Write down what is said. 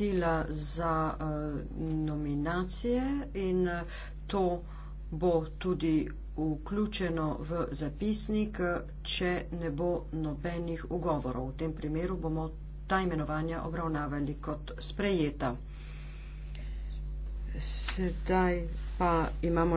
glasila za uh, nominacije in uh, to bo tudi vključeno v zapisnik, če ne bo nobenih ugovorov. V tem primeru bomo ta imenovanja obravnavali kot sprejeta. Sedaj pa imamo.